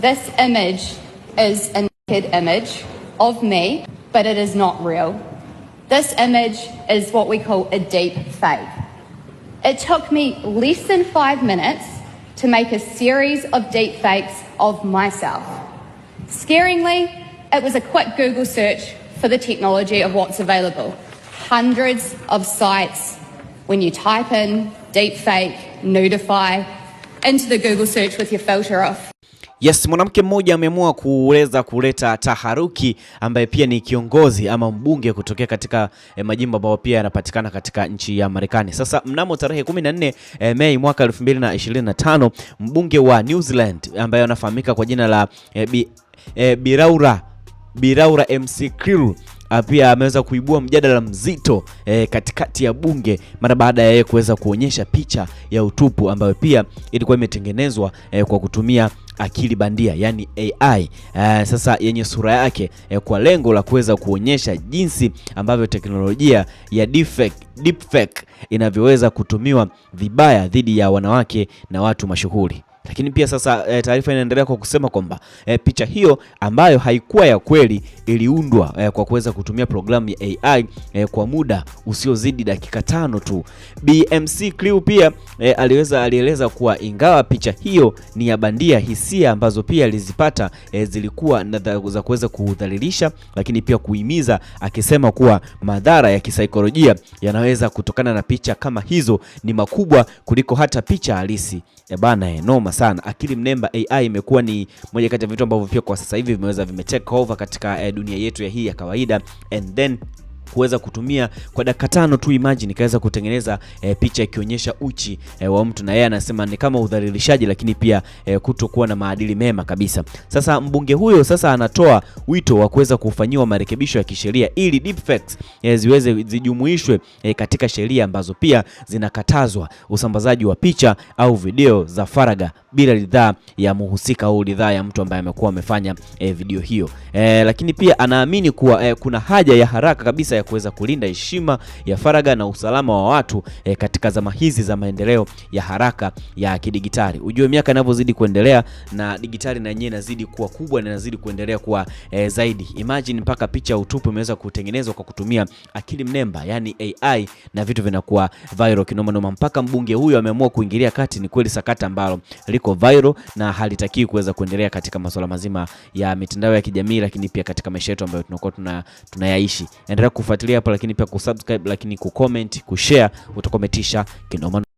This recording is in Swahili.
This image is a naked image of me, but it is not real. This image is what we call a deep fake. It took me less than five minutes to make a series of deep fakes of myself. Scaringly, it was a quick Google search for the technology of what's available. Hundreds of sites when you type in deepfake, nudify into the Google search with your filter off. Yes, mwanamke mmoja ameamua kuweza kuleta taharuki ambaye pia ni kiongozi ama mbunge kutokea katika eh, majimbo ambayo pia yanapatikana katika nchi ya Marekani. Sasa mnamo tarehe 14 eh, Mei mwaka 2025 mbunge wa New Zealand ambaye anafahamika kwa jina la eh, bi, eh, Biraura Biraura MC Kriru Ah, pia ameweza kuibua mjadala mzito e, katikati ya bunge mara baada ya yeye kuweza kuonyesha picha ya utupu ambayo pia ilikuwa imetengenezwa e, kwa kutumia akili bandia yani AI uh, eh, sasa yenye sura yake e, kwa lengo la kuweza kuonyesha jinsi ambavyo teknolojia ya deepfake, deepfake inavyoweza kutumiwa vibaya dhidi ya wanawake na watu mashuhuri. Lakini pia sasa e, taarifa inaendelea kwa kusema kwamba e, picha hiyo ambayo haikuwa ya kweli iliundwa e, kwa kuweza kutumia programu ya AI e, kwa muda usiozidi dakika tano tu. BMC Crew pia e, aliweza alieleza kuwa ingawa picha hiyo ni ya bandia, hisia ambazo pia alizipata e, zilikuwa za kuweza kudhalilisha, lakini pia kuhimiza, akisema kuwa madhara ya kisaikolojia yanaweza kutokana na picha kama hizo ni makubwa kuliko hata picha halisi. E, bana, noma nyuma sana. Akili mnemba AI imekuwa ni moja kati ya vitu ambavyo pia kwa sasa hivi vimeweza vime take over katika eh, dunia yetu ya hii ya kawaida and then kuweza kutumia kwa dakika tano tu, imagine ikaweza kutengeneza e, picha ikionyesha uchi e, wa mtu, na yeye anasema ni kama udhalilishaji, lakini pia e, kutokuwa na maadili mema kabisa. Sasa mbunge huyo sasa anatoa wito wa kuweza kufanyiwa marekebisho ya kisheria ili deepfakes e, ziweze zijumuishwe e, katika sheria ambazo pia zinakatazwa usambazaji wa picha au video za faraga bila ridhaa ya mhusika au ridhaa ya mtu ambaye amekuwa amefanya e, video hiyo e, lakini pia anaamini kuwa e, kuna haja ya haraka kabisa ya kuweza kulinda heshima ya faragha na usalama wa watu e, katika zama hizi za maendeleo ya haraka ya kidigitali. Ujue miaka inavyozidi kuendelea na digitali na yenyewe inazidi kuwa kubwa na inazidi kuendelea kuwa e, zaidi. Imagine mpaka picha utupu imeweza kutengenezwa kwa kutumia akili mnemba, yani AI na vitu vinakuwa viral kinoma noma, mpaka mbunge huyo ameamua kuingilia kati. Ni kweli sakata ambalo liko viral na halitakiwi kuweza kuendelea katika masuala mazima ya mitandao ya kijamii, lakini pia katika maisha yetu ambayo tunakuwa tunayaishi. Endelea kufuatilia hapo, lakini pia kusubscribe, lakini kucomment, kushare, utakometisha kinoma.